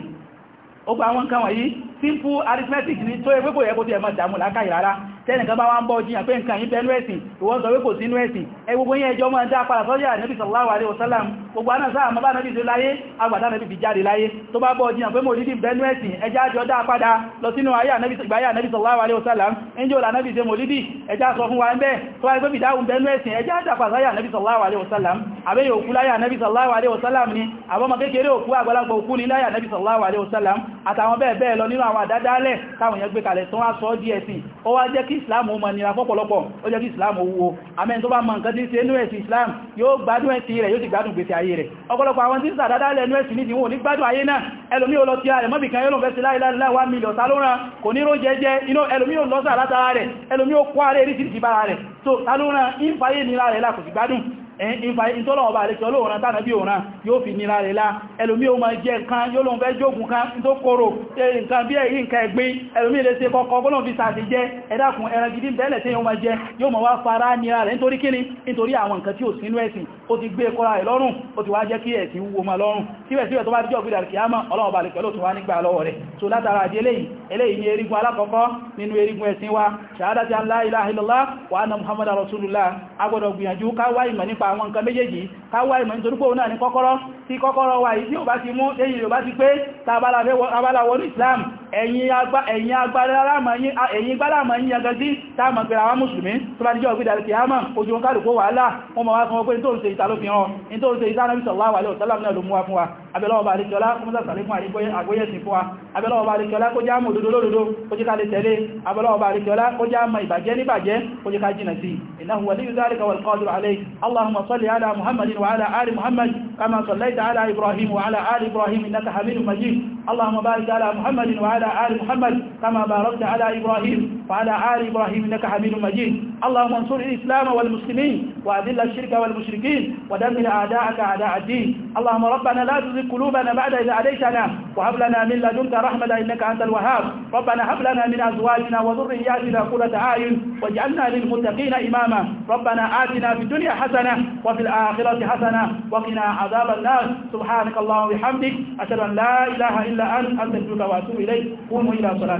simple arithmetic ni tó ẹgbẹ́ kò yẹ kó tí ẹmọ ìdàmú lákàí rárá tẹ́nìkan bá wá ń bọ́ jíyàn pé nǹkan yìí bẹnu ẹ̀sìn ìwọ́n sọ pé kò sínú ẹ̀sìn ẹgbogbo yẹn ẹjọ́ mọ́ dá padà sọ́jà nẹ́bí sallallahu alaihi wasallam gbogbo aná sáà mọ́ bá nẹ́bí sí láyé agbàdá nẹ́bí fi jáde láyé tó bá bọ́ jíyàn pé mòlídì bẹnu ẹ̀sìn ẹjá jọ dá padà lọ sínú ayé ìgbáyà nẹ́bí sallallahu alaihi wasallam ẹjọ́ là nẹ́bí sí mòlídì ẹjá sọ fún wa ń bẹ́ tó wáyé pé bìdáhùn bẹnu ẹ̀sìn ẹjá dá padà sáyà nẹ́bí sallallahu alaihi wasallam àbẹ́yẹ̀ òkú láyà nẹ́bí sallallahu alaihi wasallam ni àbọ́mọ kékeré òkú àgbàlagbà òkú ni láyà nẹ́bí sallallahu alaihi wasallam àtàwọn bẹ́ẹ̀ bẹ́ẹ̀ lọ nínú àwọn àdádálẹ̀ táwọn èèyàn gbé kalẹ̀ tó wá sọ di ẹ̀sìn ó wá jẹ́ kí islam ó mọ̀ nira fọ́pọ̀lọpọ̀ ó jẹ́ kí islam ó wúwo amẹ́ni tó bá mọ̀ nǹkan tí ṣe inú ẹ̀sìn islam yóò gbádùn ẹ̀sìn rẹ̀ yóò sì gbádùn gbèsè ayé rẹ̀ ọ̀pọ̀lọpọ̀ àwọn tí ń sàdádálẹ̀ inú ẹ̀sìn nídìí wọn ò ní gbádùn ayé náà ẹlòmí ò lọ sí ààrẹ mọ́bì kan yóò lọ fẹ́ sí láìláìláì wá mílíọ̀ tá ló ràn kò ní ró jẹjẹ inú ẹlòmí ò lọ́sà látara rẹ̀ ẹlòmí ò kó ààrẹ rí sí ìbára rẹ̀ so tá ló ràn ń fayé nira rẹ̀ lákòsí gbádùn ìtọ́lọ̀ọ̀bà àríkẹ́ olóòrùn tánàbí òun náà yóò fi nira rẹ̀ lá ẹlòmí o máa jẹ nǹkan yóò lóun fẹ́ jógun kan tó kóró nǹkan bí èyí nǹkan ẹgbẹ́ ẹlòmí lè ṣe kọ́kọ́ bọ́lọ̀n fi sàtì jẹ ẹ̀dàkùn ẹran gidi bẹ́ẹ̀lẹ̀ tí yóò máa jẹ yóò máa wá fara nira rẹ̀ nítorí kíni nítorí àwọn nǹkan tí ò sínú ẹ̀sìn ó ti gbé kọ́ra rẹ̀ lọ́rùn ó ti wá jẹ́ kí ẹ̀sìn wúwo máa lọ́rùn síbẹ̀síbẹ̀ tó àwọn nǹkan méjèèjì káwà ìmọ̀ nítorí pé òun náà ni kọ́kọ́rọ́ tí kọ́kọ́rọ́ wà yìí tí ò bá ti mú tẹ́yìn rẹ̀ bá ti pé tàbálà wọnú Islam ẹ̀yìn agbáláàmà yí yagagí táàmà pẹ̀lú àwọn mùsùlùmí tó bá díjọ́ ọgbẹ́dà ti hàmà ojú wọn kálùkó wàhálà wọn ma wá fún ọgbẹ́ tó ń ṣe ìtàlófin ọ in tó ń ṣe ìtàlófin sallallahu alaihi wasallam náà ló mú wa fún wa abẹ́lọ́wọ́ bá alẹ́kẹ́ọ́lá kọmọ́sá sàlékún àgbóyẹ̀ sí fún wa abẹ́lọ́wọ́ bá alẹ́kẹ́ọ́lá kó já mọ̀ òdòdó lódòdó kó jẹ́ ذلك والقادر عليه اللهم صل على محمد وعلى آل محمد كما صليت على إبراهيم وعلى آل إبراهيم إنك حميد مجيد اللهم على محمد وعلى على آل محمد كما باركت على إبراهيم وعلى آل إبراهيم إنك حميد مجيد اللهم انصر الإسلام والمسلمين وأذل الشرك والمشركين ودمر أعداءك أعداء الدين اللهم ربنا لا تزغ قلوبنا بعد إذا هديتنا وهب لنا من لدنك رحمة إنك أنت الوهاب ربنا هب لنا من أزواجنا وذرياتنا قرة أعين واجعلنا للمتقين إماما ربنا آتنا في الدنيا حسنة وفي الآخرة حسنة وقنا عذاب النار سبحانك اللهم وبحمدك أشهد أن لا إله إلا أنت أستغفرك وأتوب إليك kó mú ìlà sọ́lá